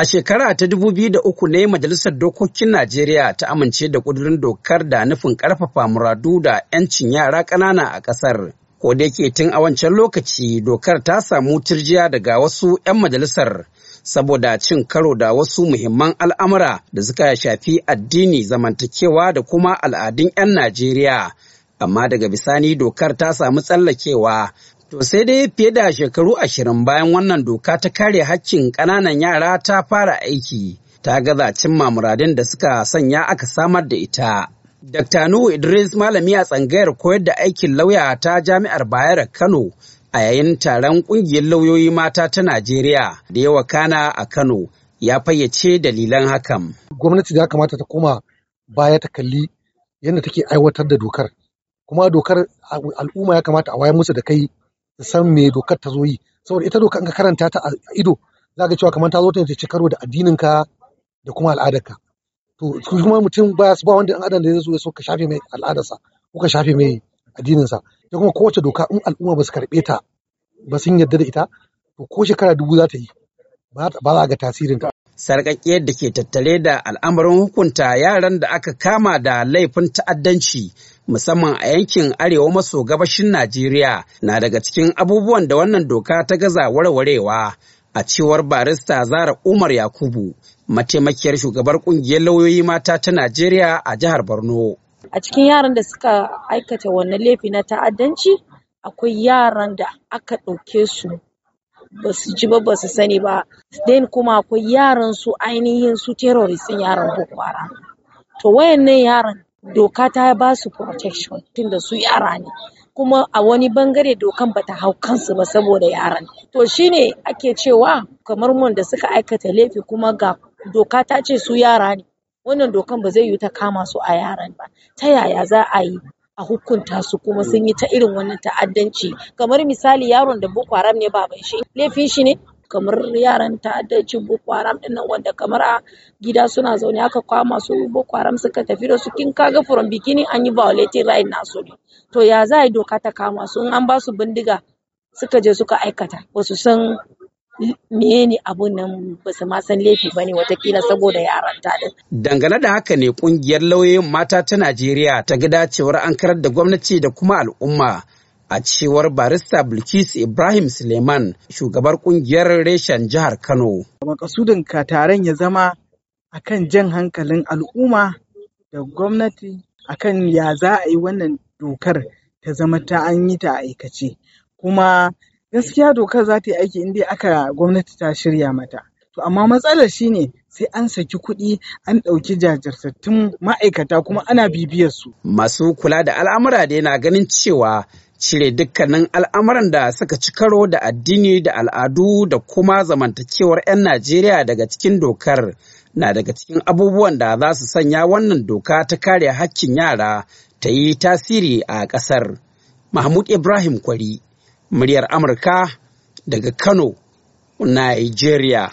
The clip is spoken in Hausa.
A shekara ta dubu biyu da uku ne Majalisar Dokokin Najeriya ta amince da ƙudurin dokar da nufin ƙarfafa muradu da 'yancin yara ƙanana a ƙasar. Ko da yake tun a wancan lokaci dokar ta samu turjiya daga wasu 'yan majalisar saboda cin karo da wasu muhimman al'amura da suka shafi addini zamantakewa da kuma al'adun 'yan Najeriya. Amma daga bisani dokar ta samu tsallakewa To sai dai fiye da shekaru ashirin bayan wannan doka ta kare haƙƙin ƙananan yara ta fara aiki ta gaza cimma muradin da suka sanya aka samar da ita. Dr. Nuhu Idris malami a tsangayar koyar da aikin lauya ta jami'ar Bayero Kano a yayin taron ƙungiyar lauyoyi mata ta Najeriya da yawa kana a Kano ya fayyace dalilan hakan. Gwamnati ya kamata ta koma baya ta kalli yadda take aiwatar da dokar. Kuma dokar al'umma ya kamata a wayar musu da kai san me dokar ta zo yi saboda ita doka in ka karanta ta a ido za ka cewa kamar ta zo ta ce karo da addinin ka da kuma al'adarka to kuma mutum ba ba wanda in adam da zai zo ya so ka shafe mai al'adarsa ko ka shafe mai addininsa da kuma kowace doka in al'umma ba su karɓe ta ba sun yarda da ita to ko shekara dubu za ta yi ba za ga tasirin ka. sarƙaƙiyar da ke tattare da al'amarin hukunta yaran da aka kama da laifin ta'addanci musamman a yankin arewa maso gabashin Najeriya na daga cikin abubuwan da wannan doka ta gaza warwarewa a cewar barista Zara Umar Yakubu, mataimakiyar shugabar kungiyar lauyoyi mata ta Najeriya a jihar Borno. A cikin yaran da suka aikata wannan laifi na ta'addanci akwai yaran da aka ɗauke su ba su ji ba ba su sani ba Den kuma akwai yaran su ainihin su terrorist yaran boko to wayannan yaran doka ta ba su protection tunda su yara ne kuma a wani bangare dokan bata hau kansu ba saboda yaran to shine ake cewa kamar mun da suka aikata laifi kuma ga doka ta ce su yara ne wannan dokan ba zai yi ta kama su a yaran ba ta yaya za a yi a hukunta su kuma sun yi ta irin wannan ta'addanci kamar misali yaron da boko haram ne baban shi laifin shi ne kamar yaran ci boko haram din nan wanda kamar a gida suna zaune aka kwama su boko haram suka tafi da su kin kaga from bikini an yi violating right nasu ne to ya za a yi doka ta kama su in an ba su bindiga suka je suka aikata wasu su san menene abun nan ba su ma san laifi ba ne watakila saboda yaran ta din. Dangane da haka ne kungiyar lauyoyin mata ta Najeriya ta ga dacewar an karar da gwamnati da kuma al'umma a cewar barista bilkis ibrahim suleiman shugabar kungiyar reshen jihar kano makasudin ka taron ya zama a kan jan hankalin al'umma da gwamnati a kan ya za a yi wannan dokar ta zama ta an yi ta aikace kuma gaskiya dokar za ta yi aiki inda aka gwamnati ta shirya mata to amma matsalar shine sai an saki kuɗi an ɗauki jajirtattun ma'aikata kuma ana bibiyar su masu kula da al'amura da yana ganin cewa cire dukkanin al'amuran da suka ci karo da addini da al'adu da kuma zamantakewar 'yan Najeriya daga cikin dokar na daga cikin abubuwan da za su sanya wannan doka ta kare hakkin yara ta yi tasiri a ƙasar. Mahmud Ibrahim Kwari, muryar Amurka daga Kano, Nigeria.